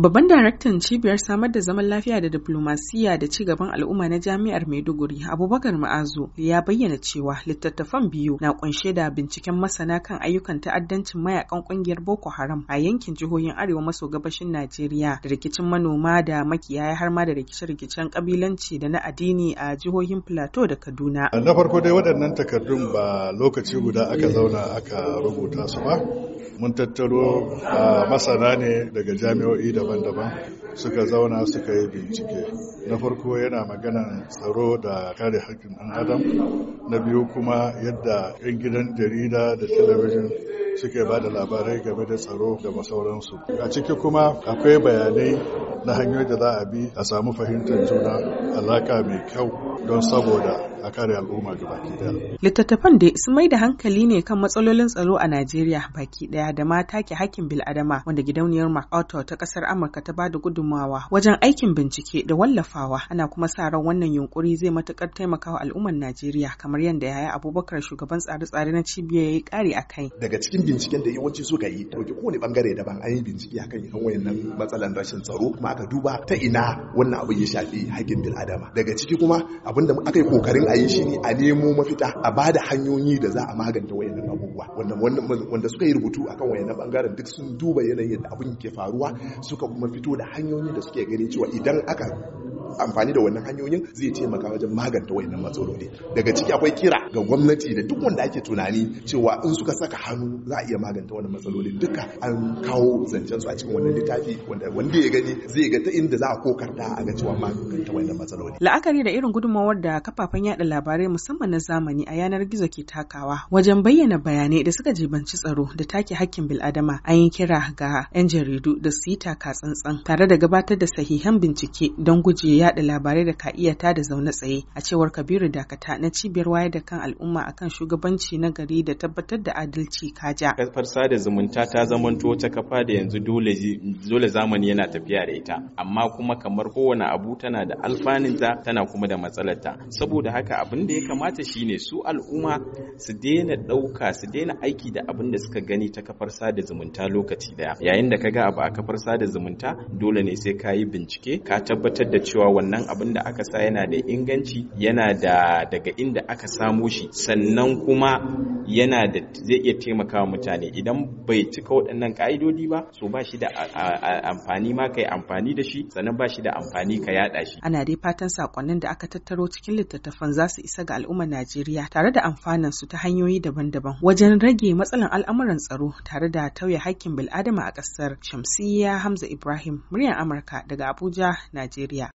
Babban daraktan cibiyar samar da zaman lafiya da diplomasiya da ci gaban al'umma na jami'ar Maiduguri, Abubakar Ma'azu, ya bayyana cewa littattafan biyu na kunshe da binciken masana kan ayyukan ta'addancin mayakan kungiyar Boko Haram a yankin jihohin Arewa maso gabashin Najeriya da rikicin manoma da makiyaya har ma da rikice-rikicen kabilanci da na addini a jihohin Plateau da Kaduna. Na farko dai waɗannan takardun ba lokaci guda aka zauna aka rubuta su ba. mun tattaro a masana ne daga jami'o'i daban-daban suka zauna suka yi bincike na farko yana maganan tsaro da kare haƙƙin ɗan adam na biyu kuma yadda 'yan gidan jarida da talabijin suke ba da labarai game da tsaro ga masauransu a ciki kuma akwai bayanai na hanyar da za a bi a samu fahimtar juna alaka mai kyau don saboda a kare al'umma ga baki daya. Littattafan da sun mai da hankali ne kan matsalolin tsaro a Najeriya baki daya da ma take hakkin bil'adama wanda gidauniyar MacArthur ta kasar Amurka ta bada gudummawa wajen aikin bincike da wallafawa ana kuma sa ran wannan yunkuri zai matukar taimakawa al'ummar Najeriya kamar yadda yaya Abubakar shugaban tsare-tsare na cibiyar ya kare a kai. Daga cikin binciken da yawanci suka yi dauki kowane bangare daban an yi bincike akan irin wayannan matsalan rashin tsaro kuma aka duba ta ina wannan abu ya shafi haƙƙin adama daga ciki kuma abin da aka yi kokarin a yi shi ne a nemo mafita a ba da hanyoyi da za a maganta wayannan abubuwa wanda suka yi rubutu akan wayannan bangaren duk sun duba yanayin da abin ke faruwa suka kuma fito da hanyoyi da suke gani cewa idan aka amfani da wannan hanyoyin zai taimaka wajen maganta wayannan matsaloli daga ciki akwai kira ga gwamnati da duk wanda ake tunani cewa in suka saka hannu za a iya maganta wannan matsaloli duka an kawo zancen su a cikin wannan littafi wanda wanda ya gani zai ga ta inda za a kokar da a ga cewa maganta wannan matsaloli la'akari da irin gudunmawar da kafafen yada labarai musamman na zamani a yanar gizo ke takawa wajen bayyana bayanai da suka jibanci tsaro da take hakkin bil'adama an yi kira ga 'yan jaridu da su yi taka tsantsan tare da gabatar da sahihan bincike don guje yada labarai da ka iya ta da zaune tsaye a cewar Kabiru Dakata na cibiyar wayar da kan al'umma akan shugabanci na gari da tabbatar da adalci kaja. Kafar sada zumunta ta zamanto ta kafa da yanzu dole zamani yana tafiya da ita amma kuma kamar kowane abu tana da alfaninta tana kuma da matsalarta saboda haka abin da ya kamata shine su al'umma su daina ɗauka su daina aiki da abin da suka gani ta kafar sada zumunta lokaci daya yayin da kaga abu a kafar sada zumunta dole ne sai kayi bincike ka tabbatar da cewa wannan abin da aka sa yana da inganci yana da daga inda aka samo shi sannan kuma yana da zai iya taimakawa mutane idan bai cika waɗannan ƙa'idodi ba so ba shi da amfani ma kai amfani da shi sannan ba shi da amfani ka yaɗa shi ana dai fatan sakonnin da aka tattaro cikin littattafan za su isa ga al'ummar Najeriya tare da amfanin su ta hanyoyi daban-daban wajen rage matsalan al'amuran tsaro tare da tauye hakkin bil'adama a ƙasar Shamsiyya Hamza Ibrahim muryar Amurka daga Abuja, Najeriya.